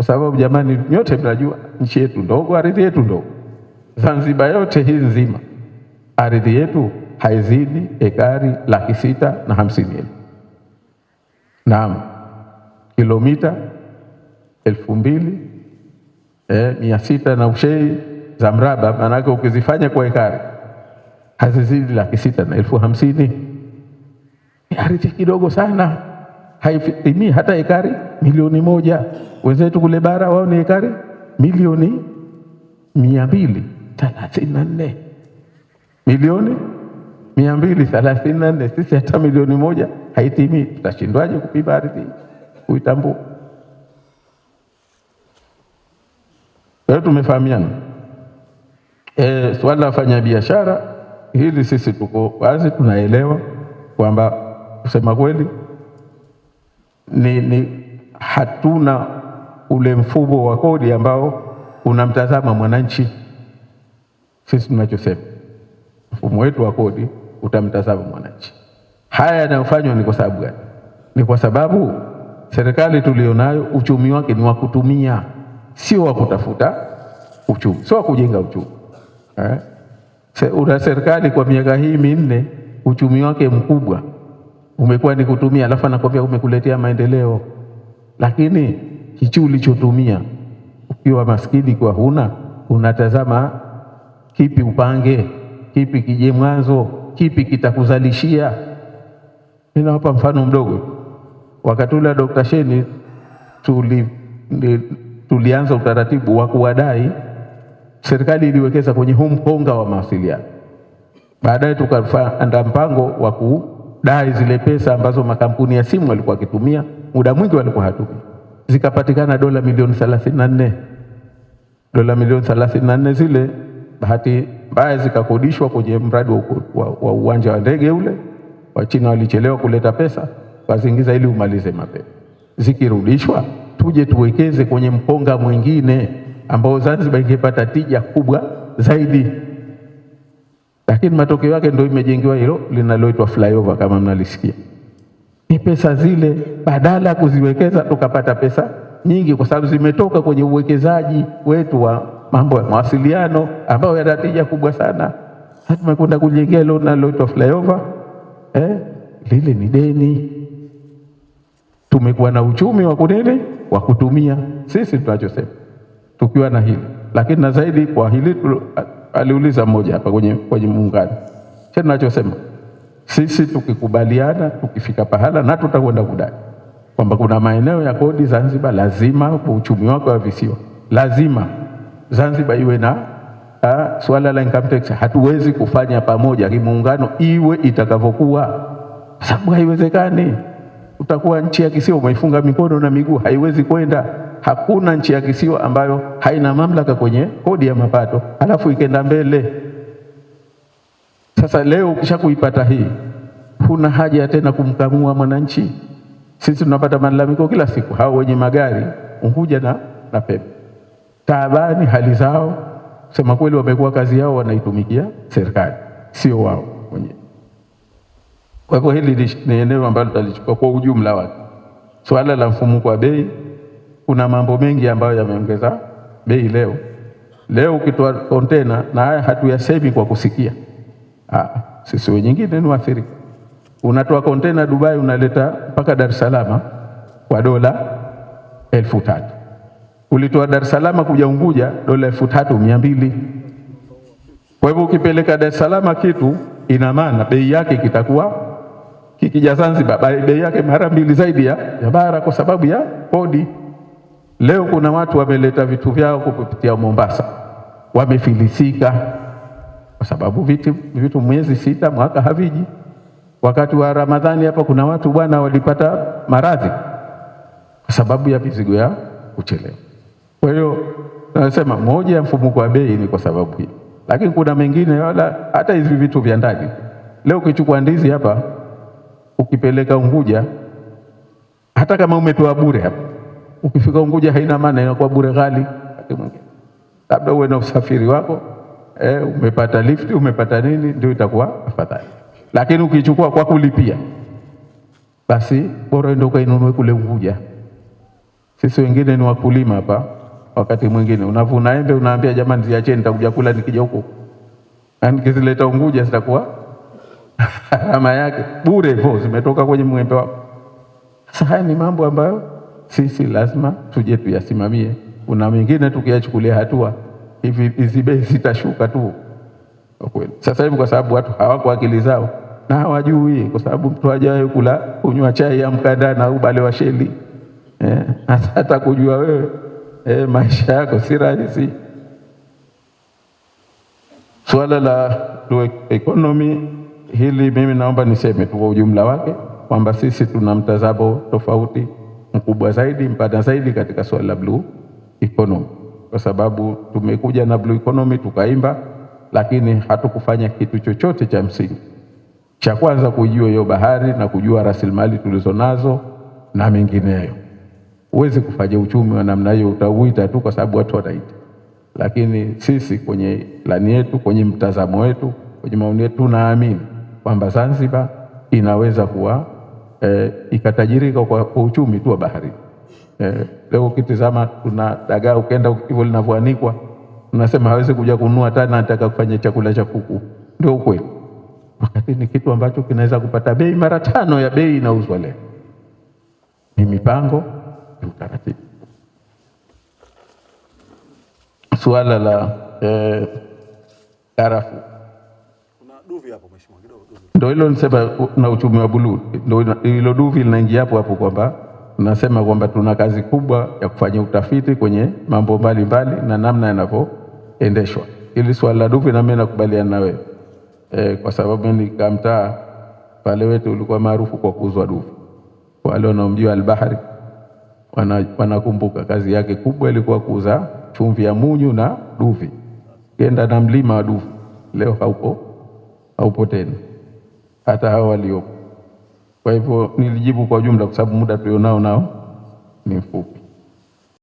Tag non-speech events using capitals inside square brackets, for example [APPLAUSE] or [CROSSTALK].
Kwa sababu jamani, nyote mnajua nchi yetu ndogo, ardhi yetu ndogo. Zanzibar yote hii nzima ardhi yetu haizidi ekari laki sita na hamsini elfu naam, kilomita elfu mbili eh, mia sita na ushei za mraba. Maanake ukizifanya kwa ekari hazizidi laki sita na elfu hamsini. Ni ardhi kidogo sana haifimi hata ekari milioni moja. Wenzetu kule bara wao ni ekari milioni mia mbili thelathini na nne milioni mia mbili thelathini na nne Sisi hata milioni moja haitimi, tutashindwaje kupima ardhi kuitambua? Leo tumefahamiana. E, swala la biashara hili sisi tuko wazi, tunaelewa kwamba kusema kweli ni, ni hatuna ule mfumo wa kodi ambao unamtazama mwananchi. Sisi tunachosema mfumo wetu wa kodi utamtazama mwananchi. Haya yanayofanywa ni kwa sababu gani? Ni kwa sababu serikali tulionayo uchumi wake ni wa kutumia, sio wa kutafuta uchumi, sio wa kujenga uchumi eh? Una serikali kwa miaka hii minne uchumi wake mkubwa umekuwa ni kutumia, alafu anakwambia umekuletea maendeleo, lakini kichu ulichotumia ukiwa maskini kwa huna, unatazama kipi upange, kipi kije mwanzo, kipi kitakuzalishia. Ninawapa mfano mdogo. Wakati ule Dr. Sheni tuli, tulianza utaratibu wa kuwadai, serikali iliwekeza kwenye huu mponga wa mawasiliano, baadaye tukafanda mpango wa kudai zile pesa ambazo makampuni ya simu walikuwa wakitumia, muda mwingi walikuwa hatupi, zikapatikana dola milioni 34. Dola milioni 34 zile bahati mbaya zikakodishwa kwenye mradi wa, wa, wa uwanja wa ndege ule. Wachina walichelewa kuleta pesa, wakaziingiza ili umalize mapema. Zikirudishwa tuje tuwekeze kwenye mkonga mwingine ambao Zanzibar ingepata tija kubwa zaidi lakini matokeo yake ndio imejengewa hilo linaloitwa flyover kama mnalisikia. Ni pesa zile, badala ya kuziwekeza tukapata pesa nyingi, kwa sababu zimetoka kwenye uwekezaji wetu wa mambo ya mawasiliano ambayo yana tija kubwa sana. Tumekwenda kujengea hilo linaloitwa flyover eh, lile ni deni. Tumekuwa na uchumi wa kunini wa kutumia sisi tunachosema tukiwa na hili, lakini na zaidi kwa hili aliuliza mmoja hapa kwenye kwenye muungano cha nachosema sisi tukikubaliana, tukifika pahala na tutakwenda kudai kwamba kuna maeneo ya kodi Zanzibar lazima kwa uchumi wake wa visiwa lazima Zanzibar iwe na ha, ah, swala la income tax hatuwezi kufanya pamoja kimuungano, iwe itakavyokuwa, sababu haiwezekani. Utakuwa nchi ya kisiwa umeifunga mikono na miguu, haiwezi kwenda hakuna nchi ya kisiwa ambayo haina mamlaka kwenye kodi ya mapato, alafu ikenda mbele. Sasa leo ukisha kuipata hii, huna haja tena kumkamua mwananchi. Sisi tunapata malalamiko kila siku, hao wenye magari Unguja na, na Pemba taabani hali zao, sema kweli, wamekuwa kazi yao wanaitumikia serikali, sio wao wenyewe. Kwa hivyo hili ni eneo ambalo tutalichukua kwa ujumla wake, swala la mfumuko wa bei kuna mambo mengi ambayo yameongeza bei leo. Leo ukitoa kontena, na haya hatuyasemi kwa kusikia, ah, sisi wengine ni waathirika. Unatoa kontena Dubai unaleta mpaka Dar es Salaam kwa dola elfu tatu ulitoa Dar es Salaam kuja Unguja dola elfu tatu mia mbili. Kwa hivyo ukipeleka Dar es Salaam kitu, ina maana bei yake kitakuwa kikija Zanzibar bei yake mara mbili zaidi ya bara, kwa sababu ya kodi. Leo kuna watu wameleta vitu vyao kupitia Mombasa, wamefilisika kwa sababu vitu, vitu mwezi sita mwaka haviji. Wakati wa Ramadhani hapa kuna watu bwana walipata maradhi kwa sababu ya mizigo yao kuchelewa. Kwa hiyo nasema moja ya mfumuko wa bei ni kwa sababu hii, lakini kuna mengine wala hata hivi vitu vya ndani. Leo ukichukua ndizi hapa ukipeleka Unguja, hata kama umetoa bure hapa Ukifika Unguja haina maana, inakuwa bure ghali. Wakati mwingine Labda uwe na usafiri wako eh, umepata lifti, umepata nini, ndio itakuwa afadhali, lakini ukichukua kwa kulipia, basi bora ndio ukainunue kule Unguja. Sisi wengine ni wakulima hapa, wakati mwingine unavuna embe unaambia jamani, ziacheni, nitakuja kula nikija huko, na nikizileta Unguja zitakuwa gharama [LAUGHS] yake bure, hivyo zimetoka kwenye mwembe wako. Sasa haya ni mambo ambayo sisi lazima tuje tuyasimamie. Kuna mengine tukiyachukulia hatua hivi hizi bei zitashuka tu kweli. Sasa hivi kwa sababu watu hawako akili zao na hawajui, kwa sababu mtu hajawahi kula kunywa chai ya mkanda na ubale wa sheli eh, hata kujua wewe eh, maisha yako si rahisi. Swala la economy hili, mimi naomba niseme tu kwa ujumla wake kwamba sisi tuna mtazamo tofauti mkubwa zaidi, mpana zaidi katika suala la blue economy, kwa sababu tumekuja na blue economy tukaimba, lakini hatukufanya kitu chochote cha msingi cha kwanza kujua hiyo bahari na kujua rasilimali tulizonazo na mengineyo. Huwezi kufanya uchumi wa namna hiyo, utauita tu kwa sababu watu wataita. Lakini sisi kwenye plani yetu, kwenye mtazamo wetu, kwenye maoni yetu, tunaamini kwamba Zanzibar inaweza kuwa eh, ikatajirika kwa, kwa uchumi tu wa bahari eh, leo ukitizama tuna dagaa, ukenda hivyo linavyoanikwa, unasema hawezi kuja kununua tena, nataka kufanya chakula cha kuku. Ndio ukweli, wakati ni kitu ambacho kinaweza kupata bei mara tano ya bei inauzwa leo. Ni mipango ni utaratibu. Suala la eh, karafuu duvi hapo mheshimiwa, kidogo duvi. Ndio hilo nisema na uchumi wa buluu, ndio hilo duvi linaingia hapo hapo kwamba nasema kwamba tuna kazi kubwa ya kufanya utafiti kwenye mambo mbalimbali na namna yanavyoendeshwa. Ili swala la duvi na mimi nakubaliana na e, kwa sababu mimi nikamtaa pale wetu ulikuwa maarufu kwa kuuzwa duvi. Wale wanaomjua Albahari wanakumbuka wana kazi yake kubwa ilikuwa kuuza chumvi ya munyu na duvi, kenda na mlima wa duvi, leo haupo haupo tena, hata hao waliopo. Kwa hivyo nilijibu kwa jumla, kwa sababu muda tulionao nao ni mfupi.